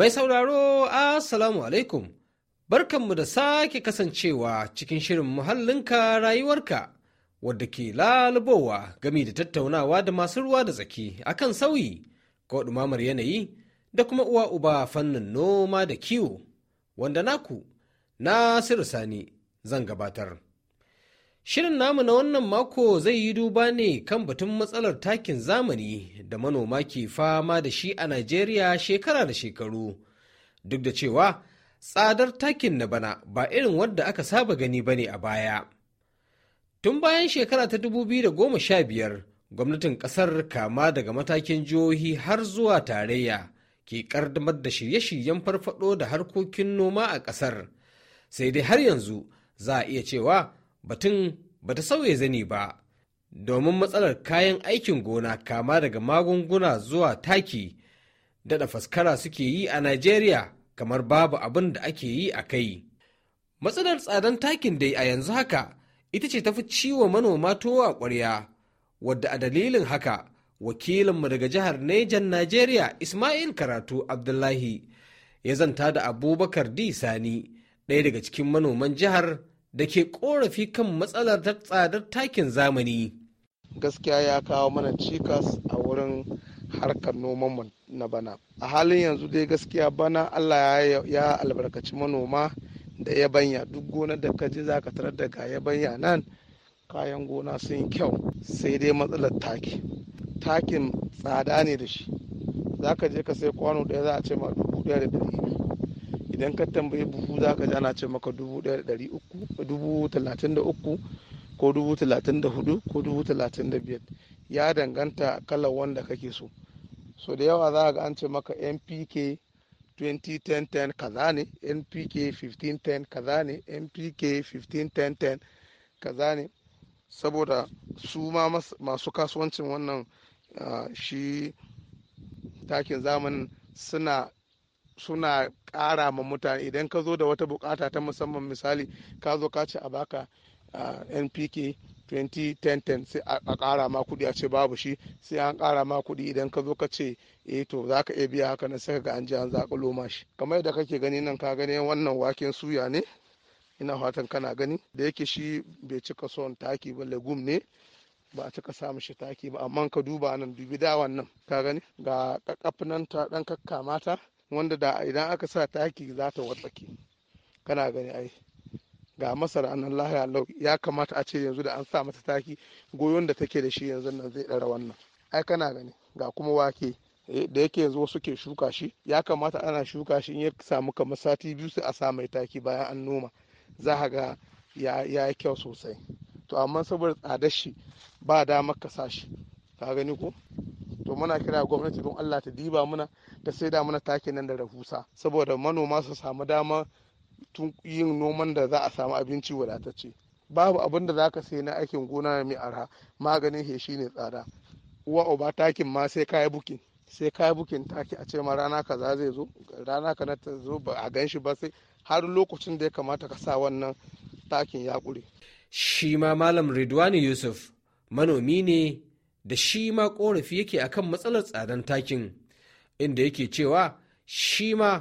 Mai sauraro 'asalamu alaikum, barkanmu da sake kasancewa cikin shirin muhallinka rayuwarka wadda ke lalubowa gami da tattaunawa da masu ruwa da tsaki akan sauyi ko ɗumamar yanayi da kuma uwa uba fannin noma da kiwo wanda naku Nasiru Sani zan gabatar. Shirin namu na wannan mako zai yi duba ne kan batun matsalar takin zamani da manoma ke fama da shi a Najeriya shekara da shekaru. Duk da cewa tsadar takin na bana ba irin wadda aka saba gani ba ne a baya. Tun bayan shekara ta 2015, gwamnatin ƙasar kama daga matakin jihohi har zuwa tarayya ke ƙaddamar da shirye-shiryen farfado da harkokin noma a ƙasar. Sai dai har yanzu za a iya cewa batun bata sauya zani ba domin matsalar kayan aikin gona kama daga magunguna zuwa taki daɗa faskara suke yi a Najeriya kamar babu abin da ake yi a kai. Matsalar tsadan takin dai a yanzu haka ita ce tafi ciwo manoma towa ƙwarya, wadda a dalilin haka wakilinmu daga jihar Nejan Najeriya Ismail Karatu Abdullahi ya zanta da Abubakar D. Sani, ɗaya daga cikin manoman jihar da ke korafi kan matsalar tsadar takin zamani. Gaskiya ya kawo mana cikas a wurin harkar nomanmu na bana. A halin yanzu dai gaskiya bana Allah ya albarkaci manoma da yabanya duk gona da ka je zaka ka tarar da ga yabanya nan kayan gona sun kyau sai dai matsalar taki. Takin tsada ne da shi. Za ka je ka sai kwano ɗaya za a ce ma dubu ɗaya da ɗari idan ka tambayi buhu za ka ji ana ce maka dubu da uku ko dubu talatin da hudu ko dubu talatin da biyar ya danganta kalar wanda kake so so da yawa za ga an ce maka npk 2010-10 kaza ne npk 15-10 kaza ne npk 15 10 kaza ne saboda su ma masu kasuwancin wannan ah, shi takin zamanin suna suna ƙara ma mutane idan ka zo da wata bukata ta musamman misali ka zo ka ce a baka npk 2010 sai a ƙara ma kuɗi a ce babu shi sai an ƙara ma kuɗi idan ka zo ka ce e to za ka iya biya haka nan sai ga an ji an zaƙulo da shi kamar yadda kake gani nan ka gani wannan waken suya ne ina fatan kana gani da yake shi bai cika son taki ba legume ne ba a cika samun shi taki ba amma ka duba nan dubi da nan ka gani ga kakaf nan ta dan kakamata wanda da idan aka sa taki za ta watsake kana gani ai ga masara Allah ya lau ya kamata a ce yanzu da an sa mata taki goyon da take da shi yanzu nan zai ɗara wannan ai kana gani ga kuma wake eh, da yake yanzu wasu ke shuka shi ya kamata ana shuka shi in ya samu kamar sati biyu sai a sa mai taki bayan an noma za ga ya yi kyau sosai to amma saboda tsadar shi ba damar ka sa shi ka gani ko to muna kira gwamnati don allah ta diba mana ta sai saida mana takin nan da rahusa saboda manoma su samu dama yin noman da za a samu abinci wadatacce babu abin da za ka sai na aikin gona mai arha maganin heshi ne tsada uwa uba takin ma sai kayi bukin sai kayi bukin taki a ce ma rana kaza zai zo rana kana ta zo ba a gan shi ba sai har lokacin da ya kamata ka sa wannan takin ya kure shi ma malam ridwani yusuf manomi ne da shi ma korafi yake kan matsalar tsadan takin inda yake cewa shi ma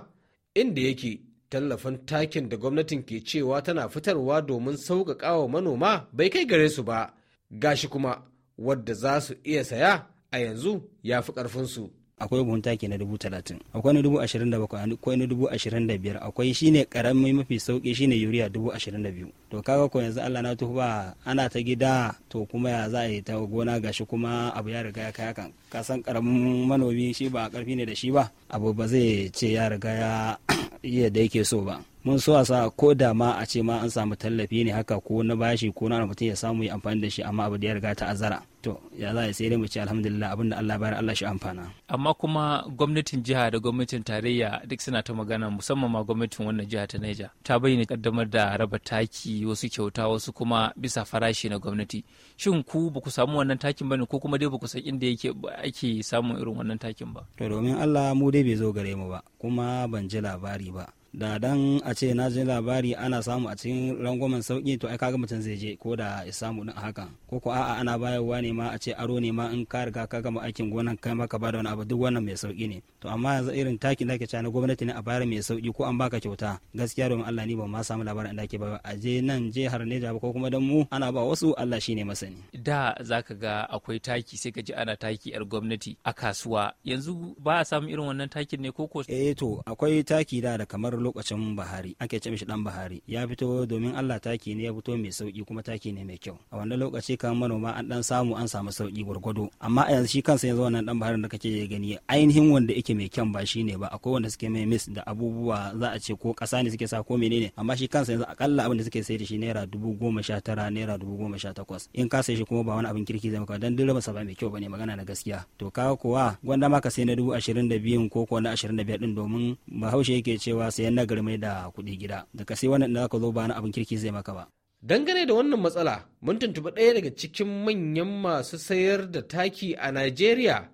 inda yake tallafin takin da gwamnatin ke cewa tana fitarwa domin sauƙaƙa wa manoma bai kai gare su ba gashi kuma wadda za su iya saya a yanzu ya fi ƙarfinsu akwai buhun taki na dubu talatin akwai na dubu ashirin da bakwai akwai na dubu ashirin da biyar akwai shine karamin mafi sauki shine yuriya dubu ashirin da biyu to kaga ko yanzu allah na tuba ana ta gida to kuma ya za a yi ta gona gashi kuma abu ya riga ya kaya kan kasan karamin manomi shi ba karfi ne da shi ba abu ba zai ce ya riga ya iya yake so ba mun so a sa ko da ma a ce ma an samu tallafi ne haka ko na bashi ko na mutum ya samu ya amfani da shi amma abu da ya riga ta azara to ya za a sai dai mu ce alhamdulillah abinda Allah bayar Allah shi amfana amma kuma gwamnatin jiha da gwamnatin tarayya duk suna ta magana musamman ma gwamnatin wannan jiha ta Niger ta bayyana kaddamar da raba taki wasu kyauta wasu kuma bisa farashi na gwamnati shin ku ba ku samu wannan takin ba ne ko kuma dai ba ku san inda yake ake samun irin wannan takin ba to domin Allah mu dai bai zo gare mu ba kuma ban ji labari ba da dan a ce na ji labari ana samu a cikin rangwamen sauki to ai kaga mutum zai je ko da ya samu din hakan ko ko a'a ana bayarwa ne ma a ce aro ne ma in ka riga ka gama aikin gonan kai ma ka da wani abu duk wannan mai sauki ne to amma yanzu irin taki da ke cewa na gwamnati ne a bayar mai sauki ko an baka kyauta gaskiya domin Allah ni ban ma samu labarin da ke ba a je nan je har jihar Neja ko kuma dan mu ana ba wasu Allah shine masani da zaka ga akwai taki sai ka ji ana taki yar gwamnati a kasuwa yanzu ba a samu irin wannan takin ne ko ko eh to akwai taki da da kamar lokacin bahari ake ce mishi dan bahari ya fito domin Allah taki ne ya fito mai sauki kuma taki ne mai kyau a wannan lokaci kan manoma an dan samu an samu sauki gwargwado amma a yanzu shi kansa yanzu wannan dan baharin da kake gani ainihin wanda yake mai kyan ba shine ba akwai wanda suke mai miss da abubuwa za a ce ko kasa ne suke sa ko menene amma shi kansa yanzu akalla abin da suke sai da shi naira dubu goma sha tara naira dubu goma sha takwas in ka sai shi kuma ba wani abin kirki zai maka dan dole masa ba mai kyau bane magana na gaskiya to ka kuwa gwanda ma sai na dubu ashirin da biyun ko ko na ashirin da biyar din domin bahaushe yake cewa sai sayan nagari mai da kuɗi gida da ka sai wannan da ka zo ba na abin kirki zai maka ba dangane da wannan matsala mun tuntuɓi ɗaya daga cikin manyan masu sayar da taki a najeriya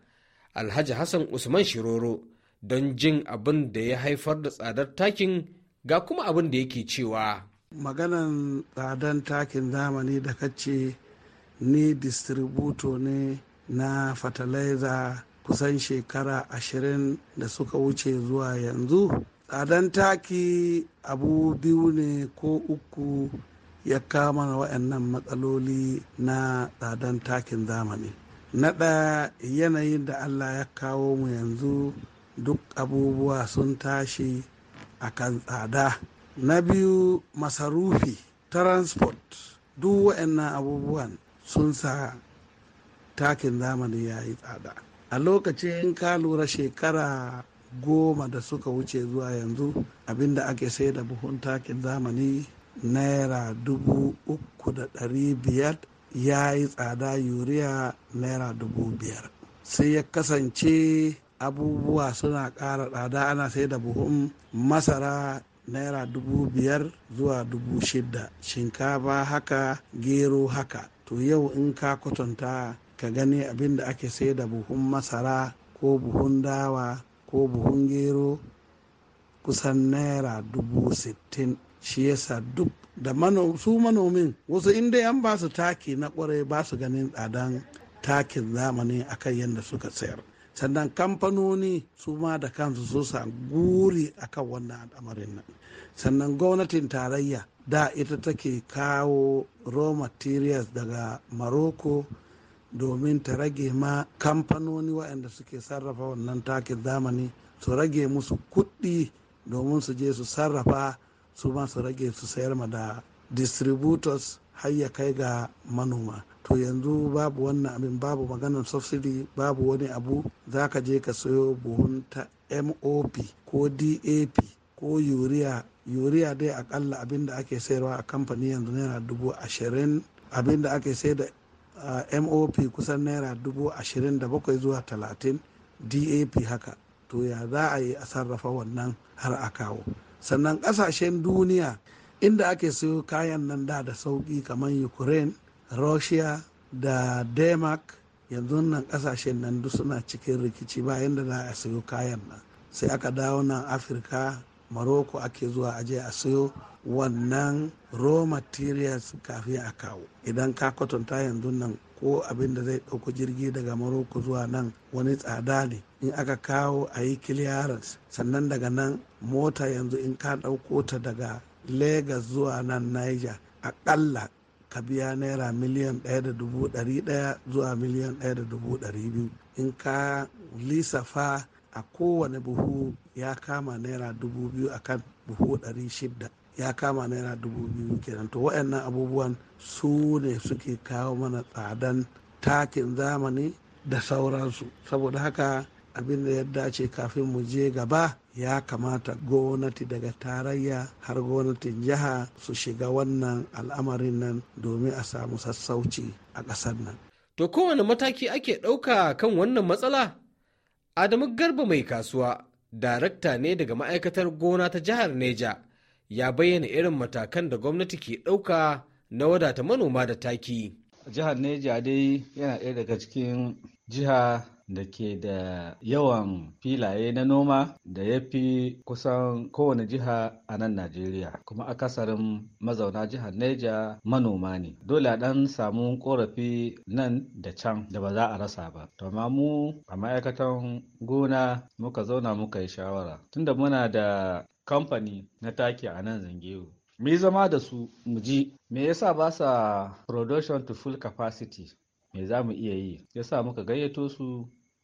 alhaji hassan usman shiroro don jin abin da ya haifar da tsadar takin ga kuma abin da yake cewa maganan tsadar takin zamani da kace ni distributo ne na fertilizer kusan shekara ashirin da suka wuce zuwa yanzu tsadan taki abu biyu ne ko uku ya kama wa'annan matsaloli na tsadan takin zamani na ɗaya yanayin da allah ya kawo mu yanzu duk abubuwa sun tashi a kan tsada na biyu masarufi transport duk wa'annan abubuwan sun sa takin zamani ya yi tsada a lokacin ka lura shekara goma da suka wuce zuwa yanzu abinda ake sai da buhun takin zamani naira dubu uku da ɗari biyar ya yi tsada yuriya naira dubu biyar sai ya kasance abubuwa suna ƙara tsada ana sai da buhun masara naira dubu biyar zuwa dubu shida shinkafa haka gero haka to yau in ka kwatanta ka gani abin da ake sai da buhun masara ko buhun dawa ko buhun gero kusan naira dubu sittin shi yasa duk da su manomin wasu inda yan ba su taki na kwarai ba su ganin tsadan takin zamani akan yadda suka sayar sannan kamfanoni su ma da kansu su sa guri akan wannan al'amarin nan sannan gwamnatin tarayya da ita take kawo raw materials daga morocco domin ta rage ma kamfanoni waɗanda suke sarrafa wannan takin zamani su rage musu kuɗi domin su je su sarrafa su ma su rage su sayar ma da distributors har ya kai ga manoma to yanzu babu wannan abin babu maganar subsidy babu wani abu za ka je ka sayo buhun ta mop ko dap ko urea urea dai akalla abin da ake sayarwa a kamfani yanzu naira dubu ashirin abin da ake sayar da mop kusan naira dubu ashirin da bakwai zuwa talatin dap haka to ya za a yi a sarrafa wannan har a kawo sannan kasashen duniya inda ake sayo kayan nan da da sauki kamar ukraine russia da denmark yanzu nan kasashen nan duk suna cikin rikici bayan da za a sayo kayan nan sai aka dawo nan afirka maroko ake zuwa aje a sayo wannan raw materials kafin a kawo idan ka kwatanta yanzu nan ko abin da zai ɗauko jirgi daga maroko zuwa nan wani tsada ne in aka kawo a yi clearance sannan daga nan mota yanzu in ka ɗauko ta daga lagos zuwa nan niger aƙalla ka biya naira miliyan ɗaya da dubu ɗari ɗaya zuwa miliyan ɗaya da dubu ɗari biyu in ka lissafa a kowane buhu ya kama naira dubu biyu kan buhu ɗari shida ya kama naira dubu biyu kenan to waɗannan abubuwan su ne suke kawo mana tsadan takin zamani da sauransu saboda haka abin da ya dace kafin mu je gaba ya kamata gwamnati daga tarayya har gwamnatin jiha su shiga wannan al'amarin nan domin a samu sassauci a ƙasar nan. To kowane mataki ake ɗauka kan wannan matsala? Adamu Garba mai kasuwa, darakta ne daga ma'aikatar gona ta jihar Neja, ya bayyana irin matakan da gwamnati ke ɗauka na wadata manoma da taki. Jihar Neja dai yana ɗaya daga cikin jiha da ke da yawan filaye na noma da ya fi kusan kowane jiha a nan Najeriya. Kuma akasarin mazauna jihar Neja manoma ne. Dole a ɗan samu ƙorafi nan da can da ba za a rasa ba. To mu a ma'aikatan gona muka zauna muka yi shawara. Tunda muna da kamfani na taki a nan Zangeru. Mu yi zama da su mu ji me yasa ba sa production to full capacity me za mu iya yi ya sa muka gayyato su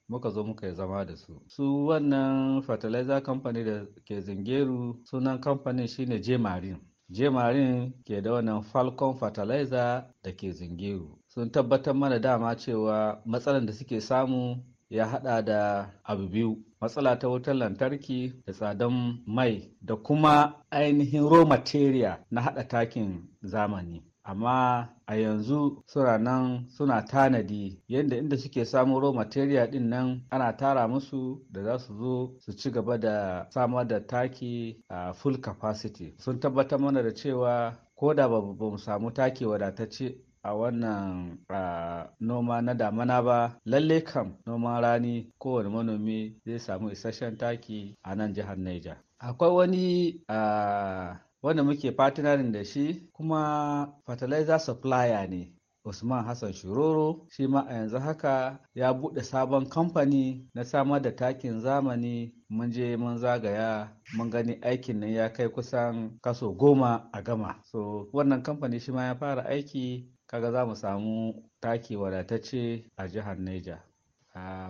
muka zo muka yi zama da su su wannan fertilizer company da ke zingeru sunan kamfanin shine jemarin jemarin ke da wannan falcon fertilizer da ke zingeru sun tabbatar mana dama cewa matsalar da suke samu ya hada da abu biyu matsala ta wutar lantarki da tsadan mai da kuma ainihin raw material na hada takin zamani amma a yanzu suna nan suna tanadi yadda inda suke samun raw material din nan ana tara musu da za su zo su ci gaba da samar da taki a full capacity sun tabbatar mana da cewa ko da ba mu samu taki wadatacce a wannan noma na damana ba lalle kam noman rani kowane manomi zai samu isasshen taki a nan jihar Niger. akwai wani wanda muke partnering da shi kuma fertilizer supplier ne Usman Hassan Shiroro shi ma a yanzu haka ya buɗe sabon kamfani na samar da takin zamani mun je mun zagaya mun gani aikin nan ya kai kusan kaso goma a gama. So wannan kamfani shi ma ya fara aiki kaga za mu samu taki wadatacce a jihar Neja.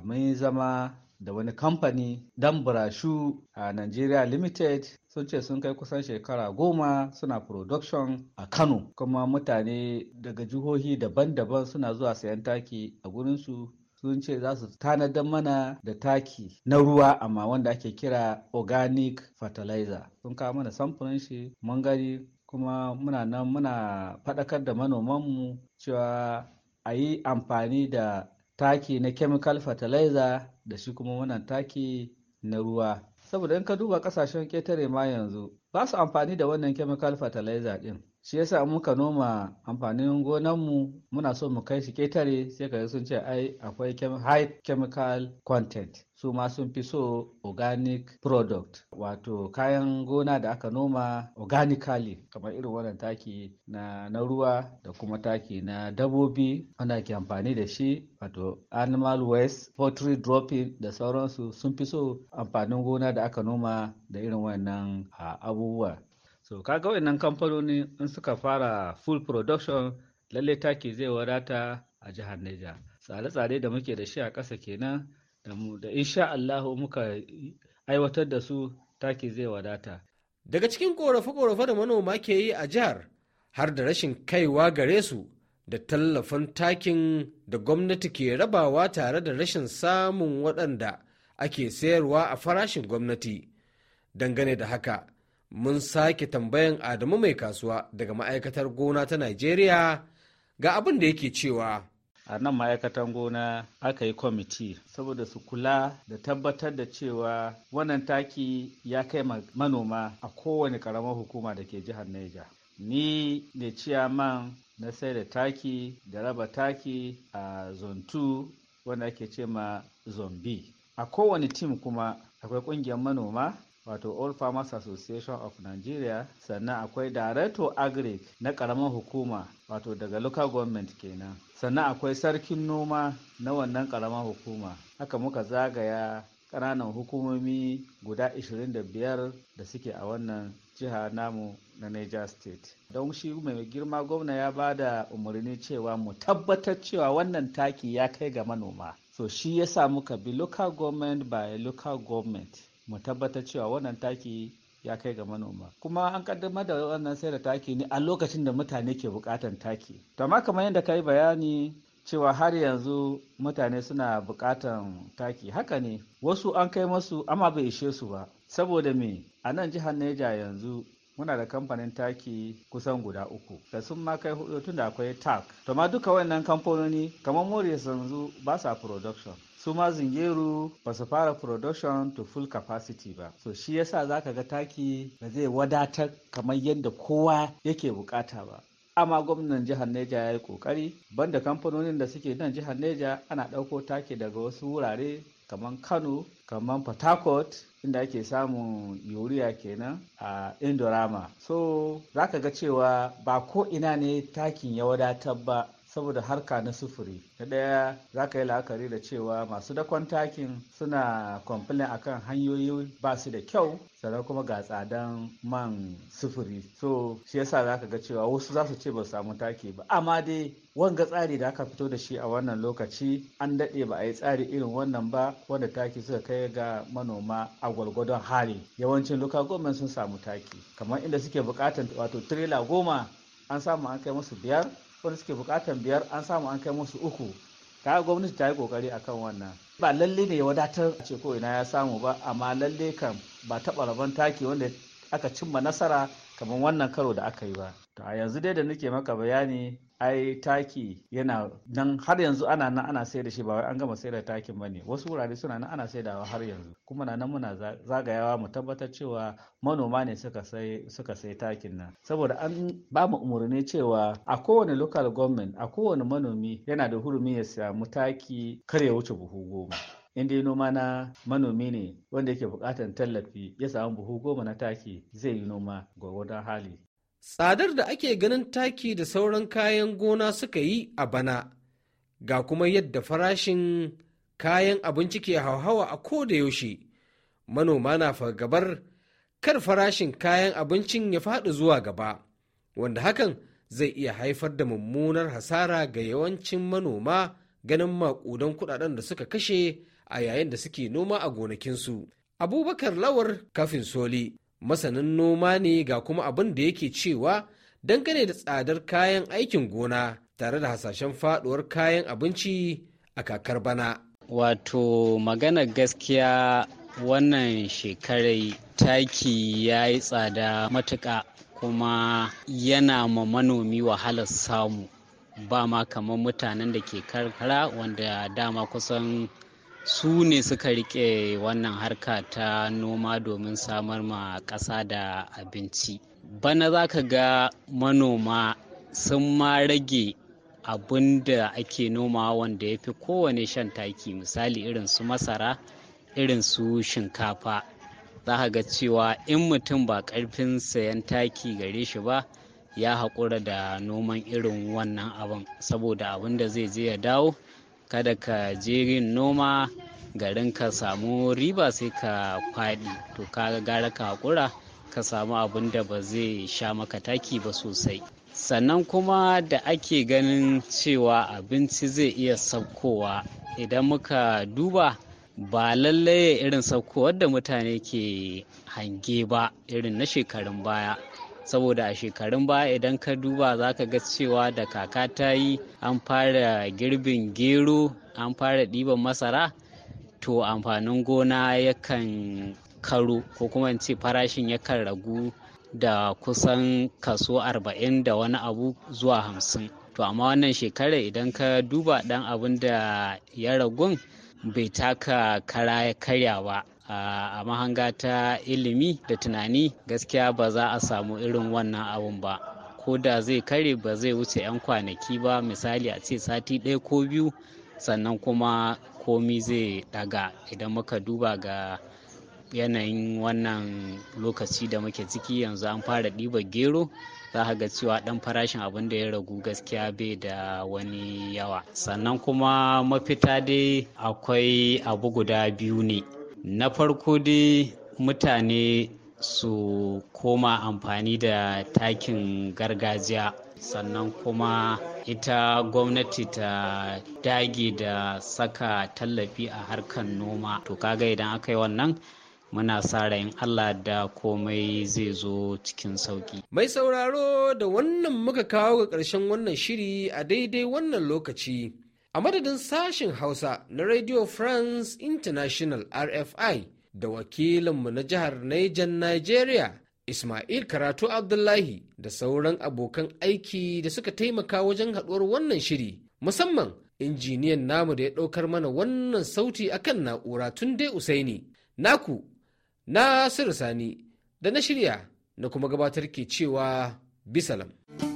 Mun zama da wani kamfani dan burashu a Nigeria Limited sun ce sun kai kusan shekara goma suna production a kano kuma mutane daga jihohi daban-daban suna zuwa sayan taki a su sun ce za su tanadar mana da taki na ruwa amma wanda ake kira organic fertilizer sun kawo mana samfurin shi mun gani kuma muna nan muna faɗakar da manoman mu cewa a yi amfani da taki na chemical fertilizer da shi kuma wannan taki na ruwa saboda in ka duba kasashen ƙetare ma yanzu ba su amfani da wannan chemical fertilizer din shi yasa muka noma amfanin gonanmu muna so mu kai shi ƙetare sai ka sun ce ai akwai high chemical content su ma sun fi so organic product wato kayan gona da aka noma organically kamar irin wannan taki na, na ruwa da kuma taki na dabobi ana ke amfani da shi wato animal waste poultry dropping da sauransu sun fi so amfanin gona da aka noma da irin wannan abubuwa so kaga wannan kamfanoni in suka fara full production lallai taki zai wadata a jihar Neja. tsare-tsare da muke da shi a ƙasa kenan da mu da insha Allah muka aiwatar da su taki zai wadata. Daga cikin korafe-korafe da manoma ke yi a jihar har da rashin kaiwa gare su da tallafin takin da gwamnati ke rabawa tare da rashin samun waɗanda ake sayarwa a farashin gwamnati. Dangane da haka, mun sake tambayan Adamu mai kasuwa daga ma'aikatar gona ta Najeriya ga abin da yake cewa. a nan ma'aikatan gona aka yi kwamiti saboda su kula da tabbatar da cewa wannan taki ya kai manoma a kowane karamar hukuma da ke jihar Neja. Ni ne ciyaman na sai da taki da raba taki a zontu wanda ake ce ma zombi. A kowane tim kuma akwai ƙungiyar manoma wato all farmers association of nigeria sannan akwai director agric na karamar hukuma wato daga local government kenan sannan akwai sarkin noma na wannan karamar hukuma haka muka zagaya ƙananan hukumomi guda 25 da suke a wannan jiha namu na Niger State. Don shi mai girma gwamna ya ba da umarni cewa mu tabbatar cewa wannan taki ya kai ga manoma. So shi ya sa muka bi local government by local government. mu tabbatar cewa wannan taki ya kai ga manoma kuma an kaddamar da wannan sai da taki ne a lokacin da mutane ke bukatan taki to amma kamar yadda ka yi bayani cewa har yanzu mutane suna bukatan taki haka ne wasu an kai masu amma bai ishe su ba saboda me a nan jihar neja yanzu muna da kamfanin taki kusan guda uku da sun ma kai hudu tun da akwai tak to ma duka wannan kamfanoni kamar moriyar yanzu ba sa production su ma zingeru ba su fara production to full capacity ba so shi yasa ka ga taki ba zai wadatar kamar yadda kowa yake bukata ba amma gwamnan jihar neja ya yi kokari banda kamfanonin da suke nan jihar neja ana ɗauko taki daga wasu wurare kamar kano kamar port inda ake samun yuriya kenan a indorama so za ka ga cewa ba ko ina ne takin ya wadatar ba saboda harka na sufuri na ɗaya za ka yi la'akari da cewa masu dakon takin suna kwamfilin akan hanyoyi ba su da kyau sannan kuma ga tsadan man sufuri so shi yasa za ka ga cewa wasu za su ce ba samu taki ba amma dai wanga tsari da aka fito da shi a wannan lokaci an daɗe ba a yi tsari irin wannan ba wanda taki suka kai ga manoma a gwargwadon hali yawancin local government sun samu taki kamar inda suke bukatan wato tirela goma an samu an kai musu biyar wanda suke bukatan biyar an samu an kai musu uku ka gwamnati ta yi kokari akan wannan ba lalle ne ya wadatar a ce ko ina ya samu ba amma lalle kan ba taɓa rabon taki wanda aka cimma nasara kamar wannan karo da aka yi ba ta yanzu dai da nake maka bayani ai taki yana nan har yanzu ana nan ana sayar da shi ba wai an gama sayar da takin bane wasu wurare suna nan ana saidawa har yanzu kuma na nan muna zagayawa mu tabbatar cewa manoma ne suka sai takin nan saboda an ba mu umarni cewa a kowane local government a kowane manomi yana da hurumi ya samu taki kar ya wuce buhu goma in dai noma na manomi ne wanda yake buƙatar tallafi ya samu buhu goma na taki zai yi noma gwargwadon hali tsadar da ake ganin taki da sauran kayan gona suka yi a bana ga kuma yadda farashin kayan abinci ke hauhawa a ko da yaushe manoma na fargabar kar farashin kayan abincin ya faɗi zuwa gaba wanda hakan zai iya haifar da mummunar hasara ga yawancin manoma ganin maƙudan kudaden da suka kashe a yayin da suke noma a gonakinsu abubakar lawar kafin soli masanin noma ne ga kuma abin da yake cewa dangane da tsadar kayan aikin gona tare da hasashen faduwar kayan abinci a kakar bana. Wato magana gaskiya wannan shekarai taki ya yi tsada matuka kuma yana ma manomi wahalar samu ba ma kamar mutanen da ke karkara wanda dama kusan su ne suka rike wannan harka ta noma domin samar ma ƙasa da abinci bana za ka ga manoma sun ma rage abin da ake noma wanda ya fi kowane shan taki misali irin su masara irin su shinkafa za ka ga cewa in mutum ba ƙarfin sayan taki gare shi ba ya haƙura da noman irin wannan abin saboda abin da zai je ya dawo kada ka je yin noma garin ka samu riba sai ka faɗi to ka gara ka haƙura ka samu abin da ba zai sha maka taki ba sosai sannan kuma da ake ganin cewa abinci zai iya saukowa idan muka duba ba lallai irin saukowar da mutane ke hange ba irin na shekarun baya saboda a shekarun ba idan ka duba za ka ga cewa da kaka ta yi an fara girbin gero an fara ɗiban masara to amfanin gona yakan karo ko kuma in ce farashin yakan ragu da kusan kaso 40 da wani abu zuwa hamsin, to amma wannan shekarar idan ka duba ɗan abin da ya ragun bai taka kara ya karya ba a mahanga ta ilimi da tunani gaskiya ba za a samu irin wannan abun ba ko da zai kare ba zai wuce 'yan kwanaki ba misali a ce sati ɗaya ko biyu sannan kuma komi zai daga idan muka duba ga yanayin wannan lokaci da muke ciki yanzu an fara ɗiba gero za a ga cewa ɗan farashin abin da ya ragu gaskiya bai da wani yawa sannan kuma mafita dai akwai abu guda biyu ne na farko dai mutane su koma amfani da takin gargajiya sannan kuma ita gwamnati ta dage da saka tallafi a harkar noma to kaga idan aka yi wannan muna sa rayin Allah da komai zai zo cikin sauki. Mai sauraro da wannan muka kawo ga ƙarshen wannan shiri a daidai wannan lokaci. a madadin sashen hausa na radio france international rfi da wakilinmu na jihar nijan nigeria ismail karatu abdullahi da sauran abokan aiki da suka taimaka wajen haɗuwar wannan shiri musamman injiniyan namu da ya ɗaukar mana wannan sauti akan na'ura tun dai usaini naku Nasiru sani da na shirya na kuma gabatar ke cewa bisalam.